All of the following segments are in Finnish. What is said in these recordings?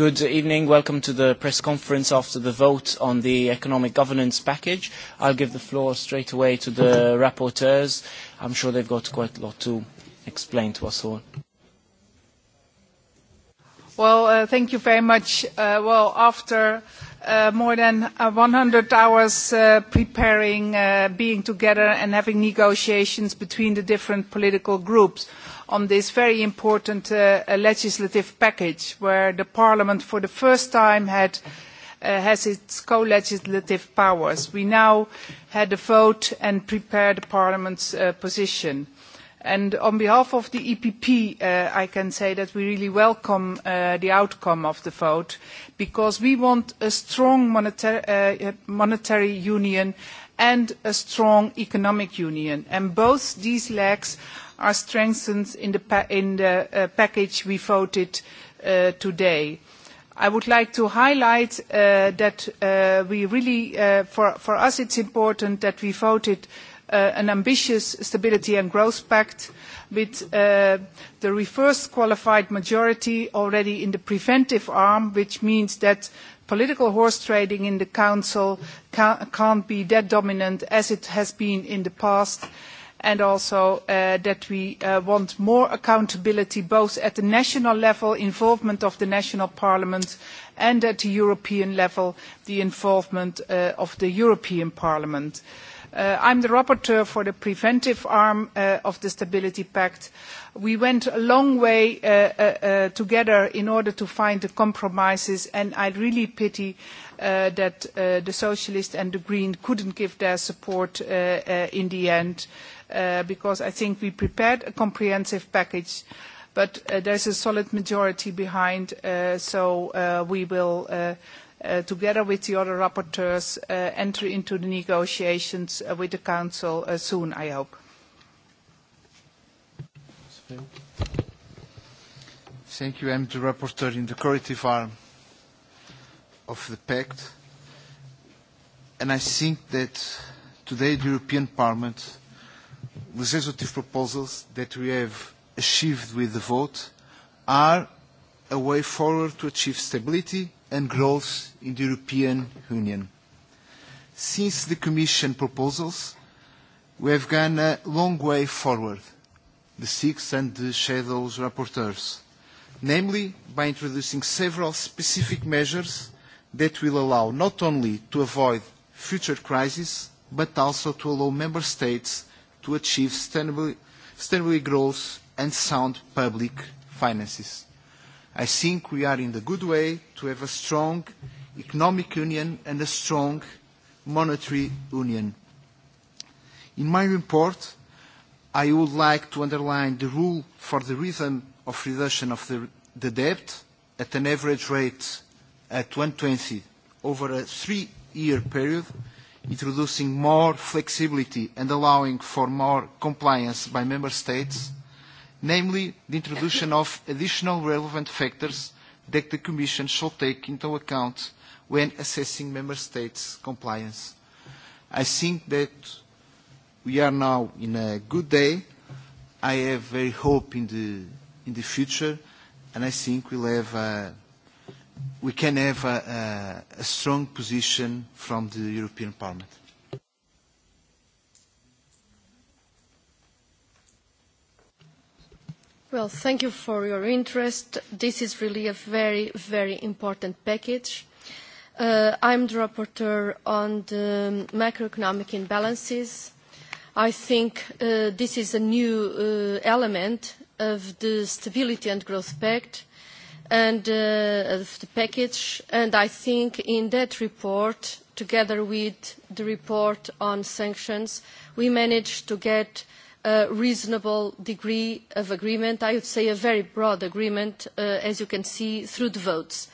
Good evening. Welcome to the press conference after the vote on the economic governance package. I'll give the floor straight away to the rapporteurs. I'm sure they've got quite a lot to explain to us all. Well, uh, thank you very much. Uh, well, after uh, more than 100 hours preparing, being together and having negotiations between the different political groups, on this very important uh, legislative package where the Parliament for the first time had, uh, has its co-legislative powers. We now had a vote and prepared Parliament's uh, position. And on behalf of the EPP, uh, I can say that we really welcome uh, the outcome of the vote because we want a strong monetary, uh, monetary union and a strong economic union. And both these legs are strengthened in the, pa in the uh, package we voted uh, today. I would like to highlight uh, that uh, we really, uh, for, for us it's important that we voted Uh, an ambitious stability and growth pact with uh, the reverse qualified majority already in the preventive arm, which means that political horse trading in the Council can't be that dominant as it has been in the past and also uh, that we uh, want more accountability both at the national level, involvement of the national parliament, and at the European level, the involvement uh, of the European Parliament. Uh, Uh, I'm the rapporteur for the preventive arm uh, of the Stability Pact. We went a long way uh, uh, uh together in order to find the compromises, and I really pity uh, that the Socialists and the Green couldn't give their support in the end, because I think we prepared a comprehensive package but uh, there's a solid majority behind, uh, so uh, we will uh, Uh, together with the other rapporteurs, uh, enter into the negotiations uh, with the Council uh, soon, I hope. Thank you. I'm the rapporteur in the corrective arm of the pact, and I think that today the European Parliament legislative proposals that we have achieved with the vote are a way forward to achieve stability and growth in the European Union. Since the Commission proposals, we have gone a long way forward, the six and the shadow rapporteurs, namely by introducing several specific measures that will allow not only to avoid future crises, but also to allow member states to achieve sustainable growth and sound public finances. I think we are in the good way to have a strong economic union and a strong monetary union. In my report, I would like to underline the rule for the rhythm of reduction of the, the debt at an average rate at 120 over a three-year period, introducing more flexibility and allowing for more compliance by member states namely the introduction of additional relevant factors that the Commission shall take into account when assessing Member States' compliance. I think that we are now in a good day. I have very hope in the, in the future, and I think we'll have a, we can have a, a, a strong position from the European Parliament. Well, thank you for your interest. This is really a very, very important package. Uh, I'm the rapporteur on the macroeconomic imbalances. I think uh, this is a new uh, element of the Stability and Growth Pact and uh, of the package, and I think in that report, together with the report on sanctions, we managed to get uh, a reasonable degree of agreement, I would say a very broad agreement, uh, as you can see through the votes.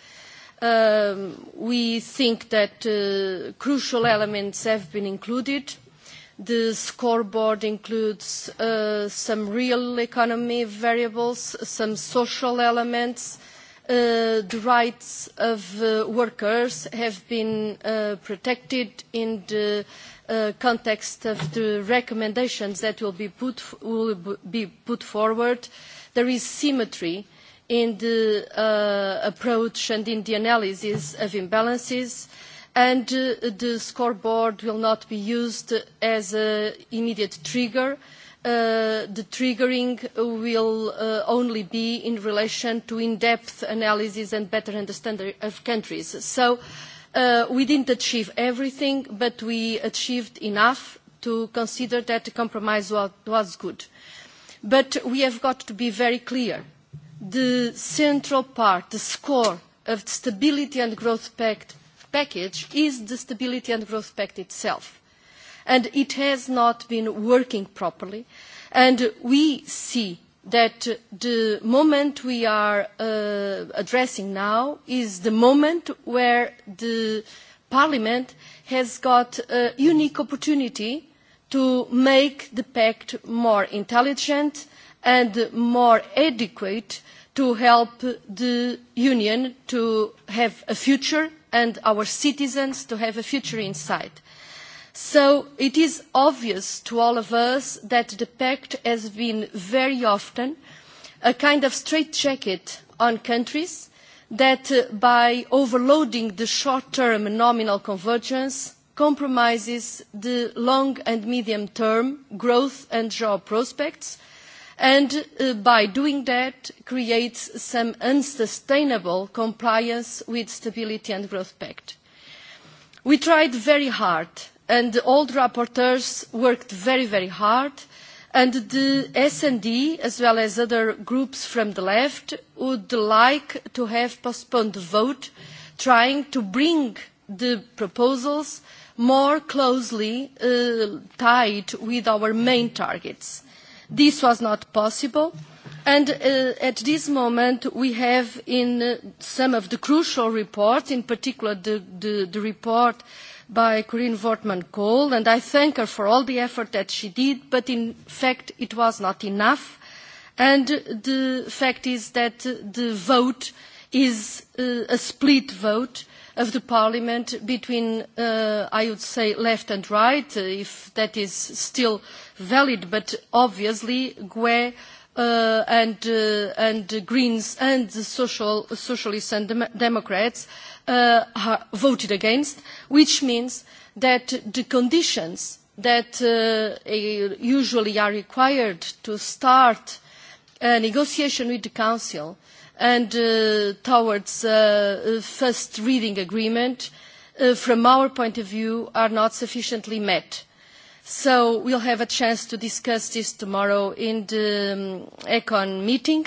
Um, we think that uh, crucial elements have been included. The scoreboard includes uh, some real economy variables, some social elements, uh, Uh, the rights of uh, workers have been uh, protected in the uh, context of the recommendations that will be put, will be put forward. There is symmetry in the uh, approach and in the analysis of imbalances, and uh, the scoreboard will not be used as an immediate trigger uh, Uh, the triggering will uh, only be in relation to in-depth analysis and better understanding of countries. So uh, we didn't achieve everything, but we achieved enough to consider that the compromise was, was good. But we have got to be very clear. The central part, the score of the Stability and Growth Pact package is the Stability and Growth Pact itself. And it has not been working properly And we see that the moment we are uh, addressing now is the moment where the Parliament has got a unique opportunity to make the pact more intelligent and more adequate to help the Union to have a future and our citizens to have a future in sight. So it is obvious to all of us that the pact has been very often a kind of straitjacket on countries that uh, by overloading the short-term nominal convergence compromises the long and medium-term growth and job prospects, and uh, by doing that creates some unsustainable compliance with Stability and Growth Pact. We tried very hard and all the rapporteurs worked very, very hard. And the S&D, as well as other groups from the left, would like to have postponed the vote, trying to bring the proposals more closely uh, tied with our main targets. This was not possible. And uh, at this moment, we have in uh, some of the crucial reports, in particular the, the, the report by Corinne Wortmann-Kool, and I thank her for all the effort that she did, but in fact it was not enough. And the fact is that the vote is uh, a split vote of the parliament between, uh, I would say, left and right, uh, if that is still valid, but obviously GUE uh, and, uh, and the Greens and the social, Socialists and Dem Democrats uh, ha- voted against, which means that the conditions that uh, usually are required to start a negotiation with the Council and uh, towards uh, a first reading agreement, uh, from our point of view, are not sufficiently met So we'll have a chance to discuss this tomorrow in the um, ECON meeting.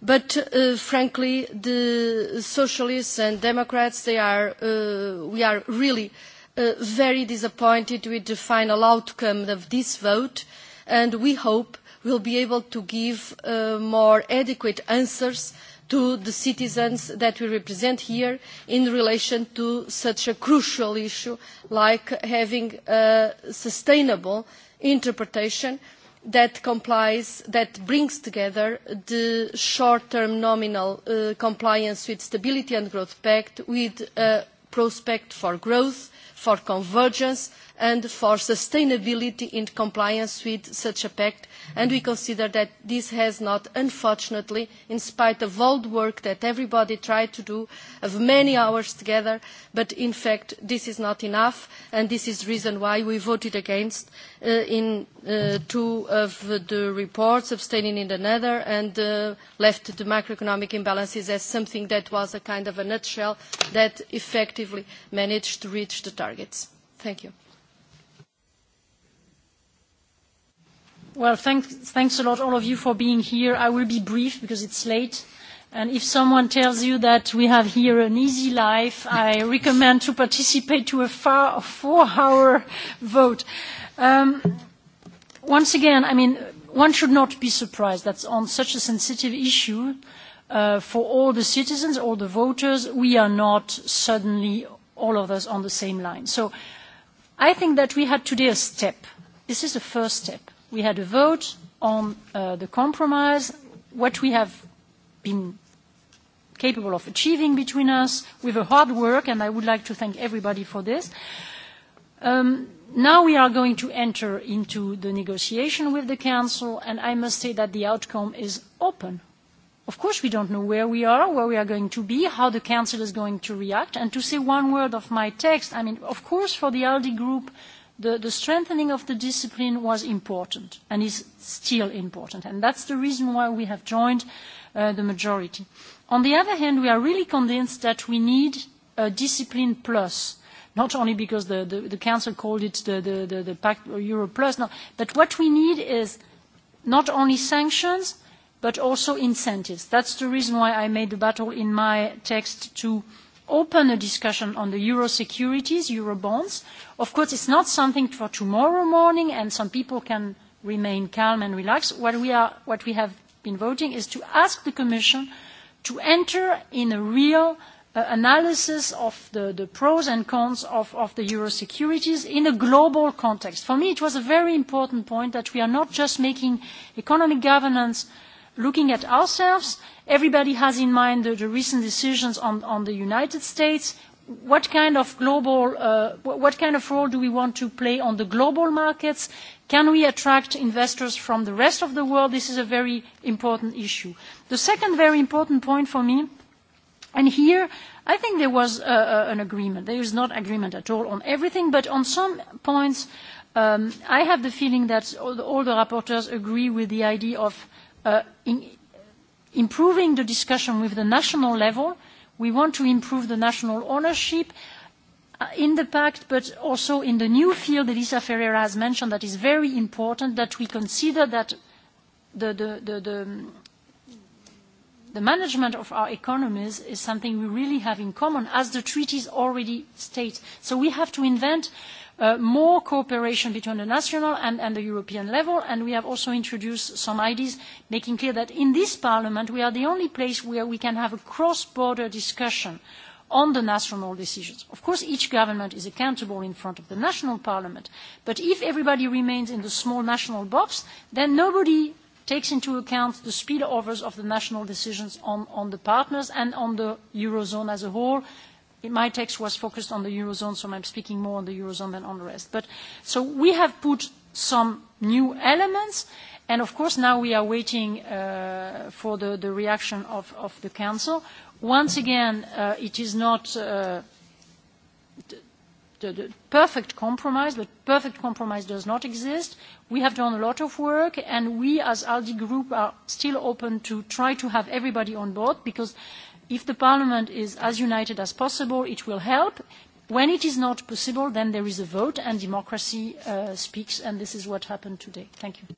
But uh, frankly, the socialists and Democrats, they are, uh, we are really uh, very disappointed with the final outcome of this vote, and we hope we'll be able to give uh, more adequate answers to the citizens that we represent here in relation to such a crucial issue like having a sustainable interpretation that complies, that brings together the short-term nominal uh, compliance with Stability and Growth Pact with a prospect for growth, for convergence, and for sustainability in compliance with such a pact, and we consider that this has not, unfortunately, in spite of all the work that everybody tried to do, of many hours together, but in fact this is not enough, and this is the reason why we voted against uh, in uh, two of the reports, abstaining in another, and uh, left the macroeconomic imbalances as something that was a kind of a nutshell that effectively managed to reach the targets. Thank you. Well, thanks, thanks a lot, all of you, for being here. I will be brief because it's late. And if someone tells you that we have here an easy life, I recommend to participate to a four-hour vote. Um, once again, I mean, one should not be surprised that on such a sensitive issue, uh, for all the citizens, all the voters, we are not suddenly all of us on the same line. So I think that we had today a step. This is the first step we had a vote on uh, the compromise, what we have been capable of achieving between us with a hard work, and I would like to thank everybody for this. Um, now we are going to enter into the negotiation with the Council, and I must say that the outcome is open. Of course, we don't know where we are, where we are going to be, how the Council is going to react. And to say one word of my text, I mean, of course, for the ALDE group, the, strengthening of the discipline was important and is still important, and that's the reason why we have joined uh, the majority. On the other hand, we are really convinced that we need a discipline plus, not only because the, Council called it the, the, Pact Euro plus, no, but what we need is not only sanctions, but also incentives. That's the reason why I made the battle in my text to open a discussion on the euro securities, euro bonds. Of course, it's not something for tomorrow morning, and some people can remain calm and relaxed. What we, have been voting is to ask the Commission to enter in a real uh, analysis of the, pros and cons of, the euro securities in a global context. For me, it was a very important point that we are not just making economic governance looking at ourselves, everybody has in mind the, the recent decisions on, on the United States. What kind of global, uh, what kind of role do we want to play on the global markets? Can we attract investors from the rest of the world? This is a very important issue. The second very important point for me, and here I think there was uh, an agreement. There is not agreement at all on everything, but on some points, um, I have the feeling that all the, all the rapporteurs agree with the idea of Uh, improving the discussion with the national level. We want to improve the national ownership uh, in the pact, but also in the new field Lisa Ferreira has mentioned, that is very important that we consider that the, the, the, the the management of our economies is something we really have in common, as the treaties already state. So we have to invent Uh, more cooperation between the national and, the European level, and we have also introduced some ideas making clear that in this Parliament we are the only place where we can have a cross-border discussion on the national decisions. Of course, each government is accountable in front of the national parliament, but if everybody remains in the small national box, then nobody takes into account the spillovers of the national decisions on the partners and on the eurozone as a whole, my text was focused on the Eurozone, so I'm speaking more on the Eurozone than on the rest. But, so we have put some new elements, and of course now we are waiting uh, for the, the reaction of, of the Council. Once again, uh, it is not uh, the, the perfect compromise, but perfect compromise does not exist. We have done a lot of work, and we as ALDI Group are still open to try to have everybody on board, because If the Parliament is as united as possible, it will help. When it is not possible, then there is a vote and democracy uh, speaks, and this is what happened today. Thank you.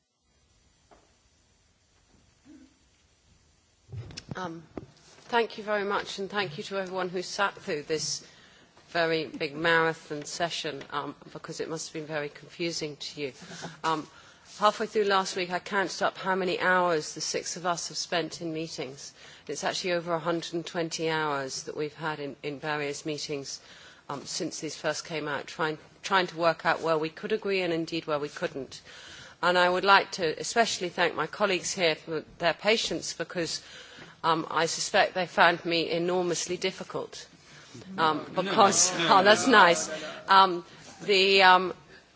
Um, thank you very much, and thank you to everyone who sat through this very big marathon session, um, because it must have been very confusing to you. Um, halfway through last week, I counted up how many hours the six of us have spent in meetings. It's actually over 120 hours that we've had in, in various meetings um, since these first came out, trying, trying to work out where we could agree and indeed where we couldn't. And I would like to especially thank my colleagues here for their patience because um, I suspect they found me enormously difficult. Um, no, no, because, no, oh, no, no, oh, that's nice. Um, the, um,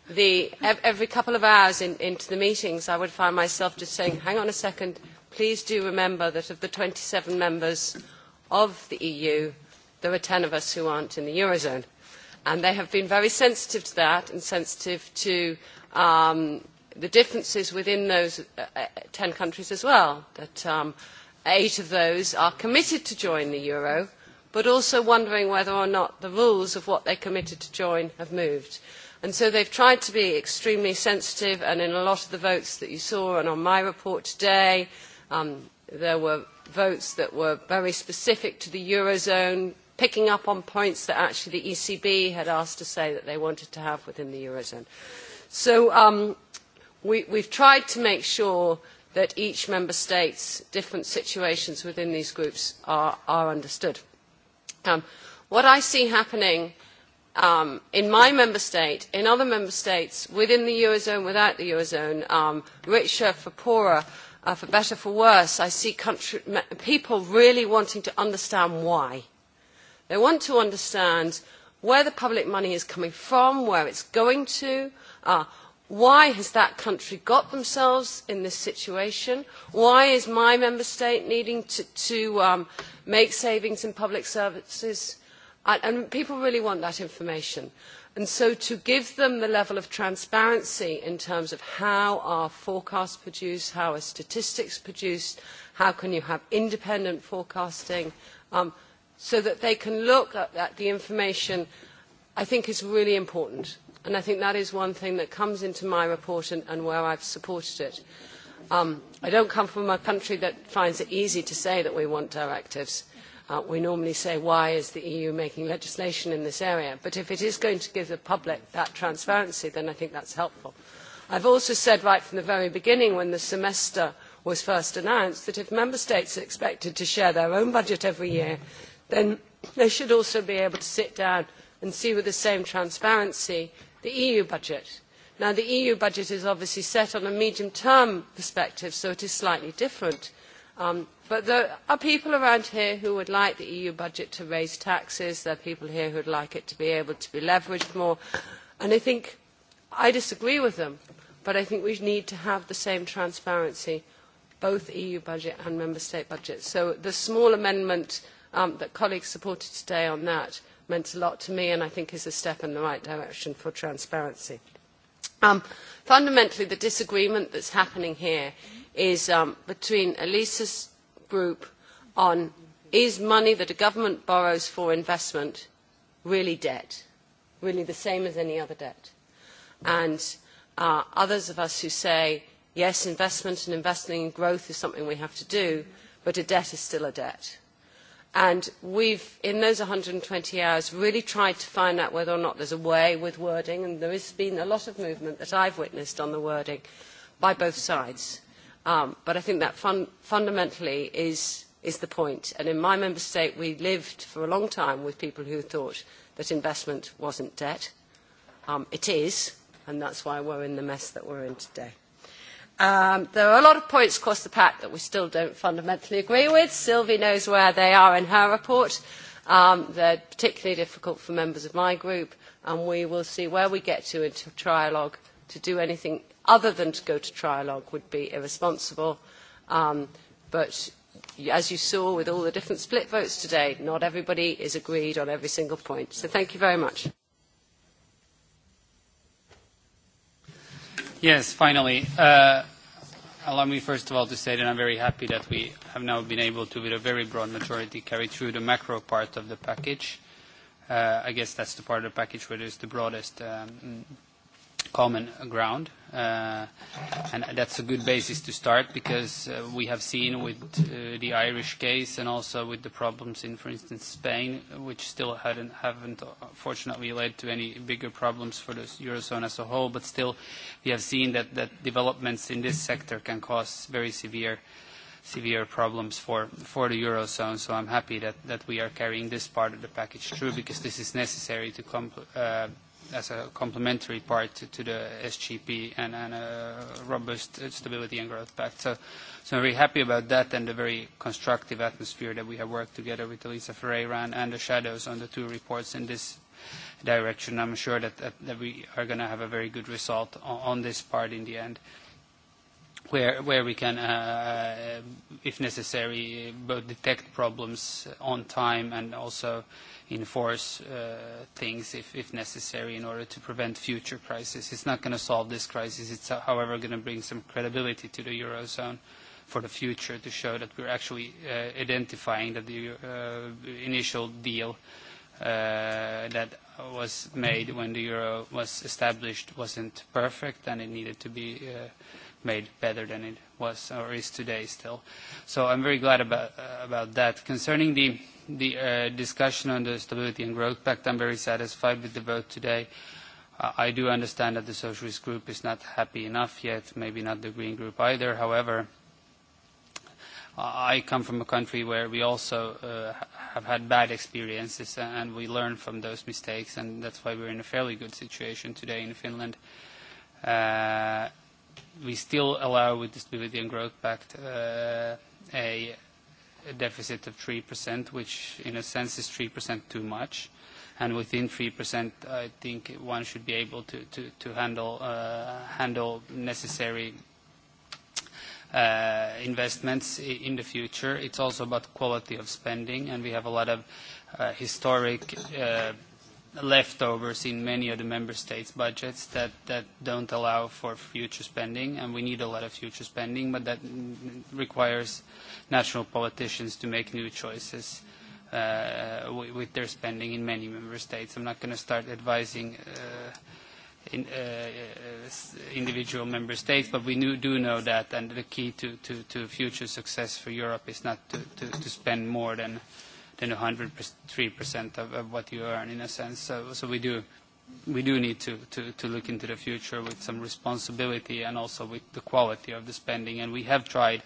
the, every couple of hours in, into the meetings, I would find myself just saying, hang on a second, please do remember that of the 27 members of the EU, there are 10 of us who aren't in the Eurozone. And they have been very sensitive to that and sensitive to um, the differences within those uh, 10 uh, countries as well, that um, eight of those are committed to join the euro, but also wondering whether or not the rules of what they committed to join have moved. And so they've tried to be extremely sensitive, and in a lot of the votes that you saw and on my report today, um, there were votes that were very specific to the Eurozone, picking up on points that actually the ECB had asked to say that they wanted to have within the Eurozone. So um, we, we've tried to make sure that each member state's different situations within these groups are, are understood. Um, what I see happening – um, in my member state, in other member states, within the Eurozone, without the Eurozone, um, richer for poorer, uh, for better for worse, I see country, people really wanting to understand why. They want to understand where the public money is coming from, where it's going to, uh, why has that country got themselves in this situation? Why is my member state needing to, to um, make savings in public services? And, people really want that information. And so to give them the level of transparency in terms of how are forecasts produced, how are statistics produced, how can you have independent forecasting, um, so that they can look at, at the information, I think is really important. And I think that is one thing that comes into my report and, and where I've supported it. Um, I don't come from a country that finds it easy to say that we want directives. Uh, we normally say, why is the EU making legislation in this area? But if it is going to give the public that transparency, then I think that is helpful. i have also said right from the very beginning when the semester was first announced that if member states are expected to share their own budget every year, then they should also be able to sit down and see with the same transparency the EU budget. Now, the EU budget is obviously set on a medium-term perspective, so it is slightly different Um, but there are people around here who would like the EU budget to raise taxes. There are people here who would like it to be able to be leveraged more. And I think I disagree with them, but I think we need to have the same transparency, both EU budget and member state budget. So the small amendment um, that colleagues supported today on that meant a lot to me and I think is a step in the right direction for transparency. Um, fundamentally, the disagreement that's happening here is um, between Elisa's group on is money that a government borrows for investment really debt, really the same as any other debt? And uh, others of us who say, yes, investment and investing in growth is something we have to do, but a debt is still a debt. And we've, in those 120 hours, really tried to find out whether or not there's a way with wording, and there has been a lot of movement that I've witnessed on the wording by both sides Um, but I think that fun fundamentally is, is the point. And in my member state, we lived for a long time with people who thought that investment wasn't debt. Um, it is, and that's why we're in the mess that we're in today. Um, there are a lot of points across the pack that we still don't fundamentally agree with. Sylvie knows where they are in her report. Um, they're particularly difficult for members of my group, and we will see where we get to in trialogue to do anything other than to go to trialogue would be irresponsible. Um, but as you saw with all the different split votes today, not everybody is agreed on every single point. So thank you very much. Yes, finally. Uh, allow me first of all to say that I'm very happy that we have now been able to, with a very broad majority, carry through the macro part of the package. Uh, I guess that's the part of the package where there's the broadest um, common ground. Uh, and that's a good basis to start because uh, we have seen with uh, the Irish case and also with the problems in, for instance, Spain, which still hadn't, haven't fortunately led to any bigger problems for the Eurozone as a whole, but still we have seen that, that developments in this sector can cause very severe severe problems for, for the Eurozone. So I'm happy that, that we are carrying this part of the package through because this is necessary to, as a complementary part to, to the SGP and, and a robust stability and growth pact. So, so I'm very happy about that and the very constructive atmosphere that we have worked together with Elisa Ferreira and, and the shadows on the two reports in this direction. I'm sure that, that, that we are going to have a very good result on, on this part in the end where where we can, uh, if necessary, uh, both detect problems on time and also enforce uh, things if, if necessary in order to prevent future crises. It's not going to solve this crisis. It's, uh, however, going to bring some credibility to the eurozone for the future to show that we're actually uh, identifying that the uh, initial deal that was made when the euro was established wasn't perfect and it needed to be made better than it was or is today still. So I'm very glad about, uh, about that. Concerning the, the uh, discussion on the Stability and Growth Pact, I'm very satisfied with the vote today. Uh, I do understand that the Socialist Group is not happy enough yet, maybe not the Green Group either. However, I come from a country where we also uh, have had bad experiences and we learn from those mistakes and that's why we're in a fairly good situation today in Finland. Uh, we still allow with the Stability and Growth Pact uh, a, deficit of 3%, which in a sense is 3% too much. And within 3%, I think one should be able to, uh, handle, necessary uh, investments in the future. It's also about quality of spending, and we have a lot of historic leftovers in many of the member states' budgets that, that don't allow for future spending, and we need a lot of future spending, but that requires national politicians to make new choices uh, with their spending in many member states. I'm not going to start advising uh, in, uh, uh, individual member states, but we knew, do know that, and the key to, to, to future success for Europe is not to, to, to spend more than than 103% of, of what you earn in a sense. So, so we do we do need to, to, to look into the future with some responsibility and also with the quality of the spending. And we have tried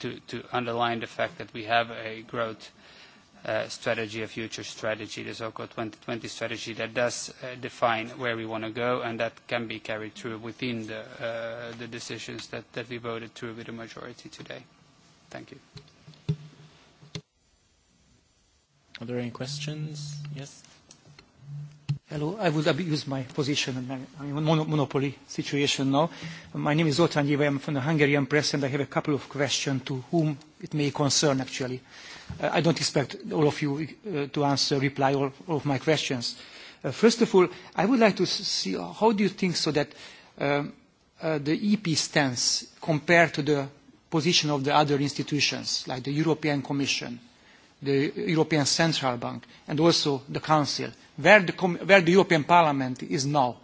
to, to underline the fact that we have a growth uh, strategy, a future strategy, the so-called 2020 strategy that does uh, define where we want to go and that can be carried through within the, uh, the decisions that, that we voted through with a majority today. Thank you. Are there any questions? Yes. Hello. I would abuse my position and my monopoly situation now. My name is Zoltán Gyula. I'm from the Hungarian press, and I have a couple of questions to whom it may concern, actually. Uh, I don't expect all of you uh, to answer, reply all, of my questions. Uh, first of all, I would like to see how do you think so that um, the EP stance compared to the position of the other institutions, like the European Commission, the European Central Bank, and also the Council, where the, where the European Parliament is now,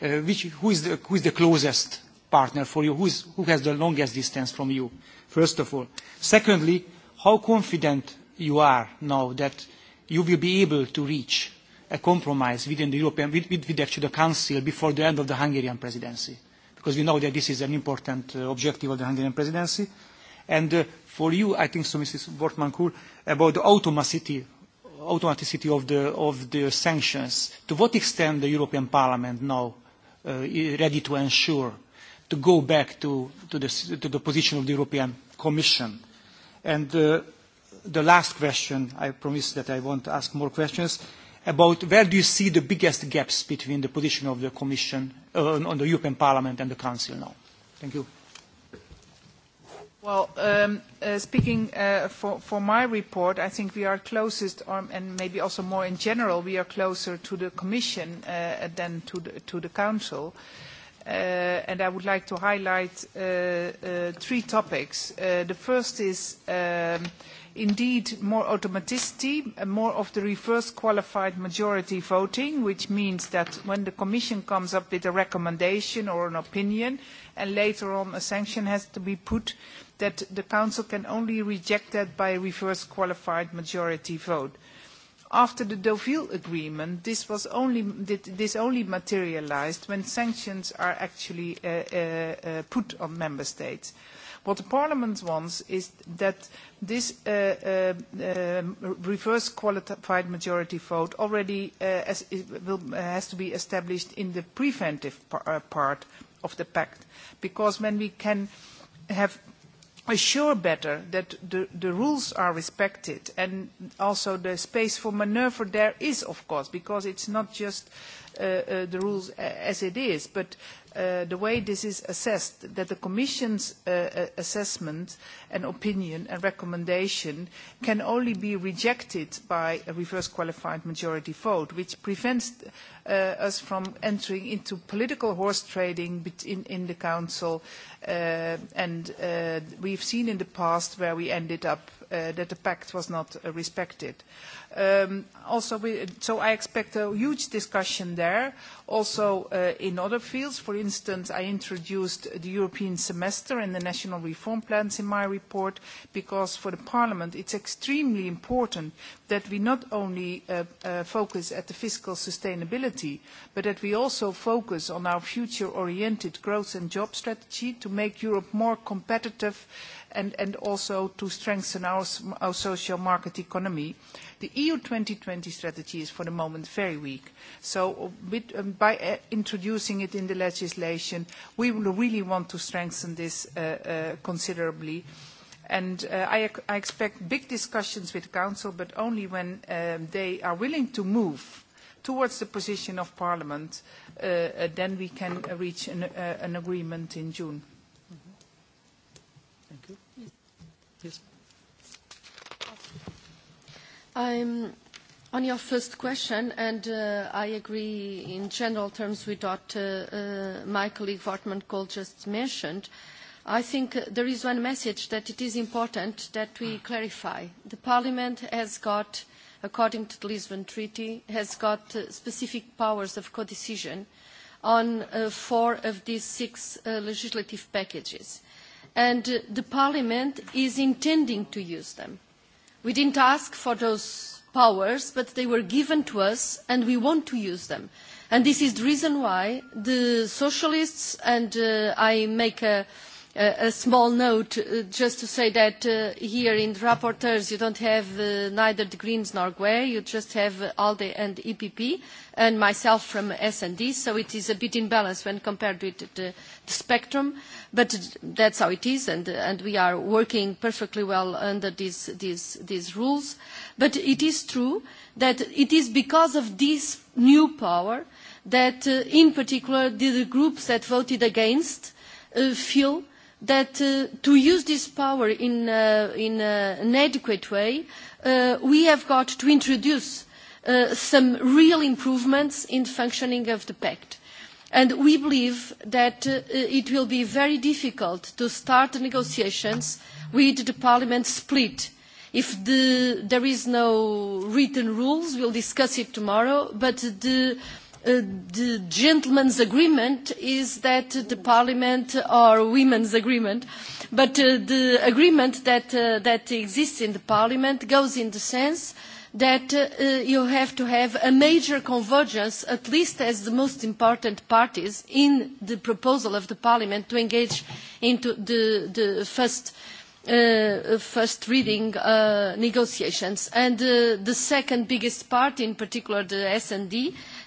uh, which, who, is the, who is the closest partner for you, who, is, who has the longest distance from you, first of all. Secondly, how confident you are now that you will be able to reach a compromise within the European, with, with, with actually the Council before the end of the Hungarian presidency, because we know that this is an important uh, objective of the Hungarian presidency. And uh, for you, I think so, Mrs. Wortmann-Kool, about the automaticity, automaticity of, the, of the sanctions. To what extent the European Parliament now uh, ready to ensure to go back to, to, the, to the position of the European Commission? And uh, the last question, I promise that I won't ask more questions, about where do you see the biggest gaps between the position of the Commission uh, on the European Parliament and the Council now? Thank you. Well, um, uh, speaking uh, for, for my report, I think we are closest, or, um, and maybe also more in general, we are closer to the Commission uh, than to the, to the Council. Uh, and I would like to highlight uh, uh, three topics. the first is um, indeed more automaticity, more of the reverse qualified majority voting, which means that when the Commission comes up with a recommendation or an opinion, and later on a sanction has to be put, uh, that the Council can only reject that by a reverse qualified majority vote. After the Deauville Agreement, this, was only, this only materialized when sanctions are actually uh, uh, uh, put on Member States. What the Parliament wants is that this uh, uh, um, reverse qualified majority vote already uh, as will, uh, has to be established in the preventive par uh, part of the pact. Because when we can have assure better that the, the rules are respected and also the space for manoeuvre there is, of course, because it's not just uh, uh, the rules as it is, but uh, the way this is assessed, that the Commission's uh, uh, assessment and opinion and recommendation can only be rejected by a reverse qualified majority vote, which prevents uh, Uh, us from entering into political horse trading in, in the Council. Uh, and uh, we've seen in the past where we ended up that the pact was not respected. Um, also, we, so I expect a huge discussion there. Also, uh, in other fields, for instance, I introduced the European semester and the national reform plans in my report because for the Parliament it's extremely important that we not only uh, uh, focus at the fiscal sustainability mobility, but that we also focus on our future-oriented growth and job strategy to make Europe more competitive and, also to strengthen our, social market economy. The EU 2020 strategy is for the moment very weak. Uh, um, by uh, introducing it in the legislation, we will really want to strengthen this uh, considerably I, expect big discussions with Council, but only when um, they are willing to move towards the position of Parliament, uh, uh, then we can reach an, uh, an agreement in June. Mm-hmm. Thank you. Yes. Um, on your first question, and uh, I agree in general terms with what uh, uh, my colleague Wortmann Kohl just mentioned, I think there is one message that it is important that we clarify. The Parliament has got according to the Lisbon Treaty, has got uh, specific powers of codecision on uh, four of these six uh, legislative packages. And the Parliament is intending to use them. We didn't ask for those powers, but they were given to us, and we want to use them. And this is the reason why the socialists, and uh, I make a, a small note uh, just to say that uh, here in the rapporteurs you don't have uh, neither the Greens nor GUE, you just have ALDE and EPP and myself from S&D, so it is a bit imbalanced when compared with the, the spectrum, but that's how it is, and, and we are working perfectly well under these, these, these rules. But it is true that it is because of this new power that, uh, in particular, the, the groups that voted against uh, feel that uh, to use this power in, uh, in uh, an adequate way, uh, we have got to introduce uh, some real improvements in the functioning of the pact. And we believe that uh, it will be very difficult to start negotiations with the parliament split. If the, there is no written rules, we'll discuss it tomorrow, but the, uh, Uh, the gentleman's agreement is that the parliament or women's agreement, but uh, the agreement that, uh, that exists in the parliament goes in the sense that uh, you have to have a major convergence, at least as the most important parties, in the proposal of the parliament to engage into the, the first Uh, first reading uh, negotiations. And uh, the second biggest part, in particular the S&D,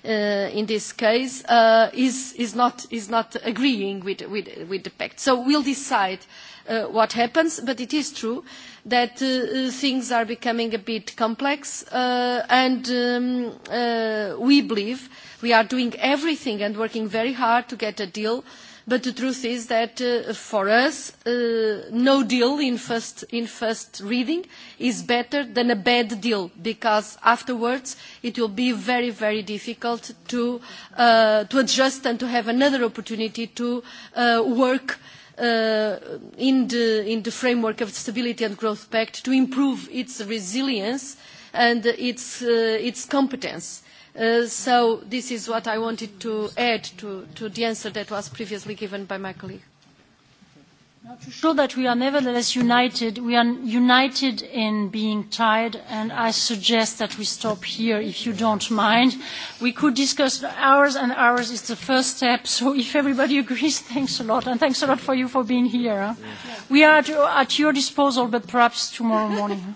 uh, in this case uh, is, is, not, is not agreeing with, with, with the pact. So we'll decide uh, what happens, but it is true that uh, uh things are becoming a bit complex uh, and um, uh, we believe we are doing everything and working very hard to get a deal uh, But the truth is that uh, for us, uh, no deal in first, in first reading is better than a bad deal because afterwards it will be very, very difficult to, uh, to adjust and to have another opportunity to uh, work Uh, in, the, in the framework of the Stability and Growth Pact to improve its resilience and its, uh, its competence. Uh, so this is what I wanted to add to, to the answer that was previously given by my colleague. Now, to show that we are nevertheless united, we are united in being tired, and I suggest that we stop here, if you don't mind. We could discuss hours and hours. It's the first step, so if everybody agrees, thanks a lot, and thanks a lot for you for being here. Huh? We are at your disposal, but perhaps tomorrow morning.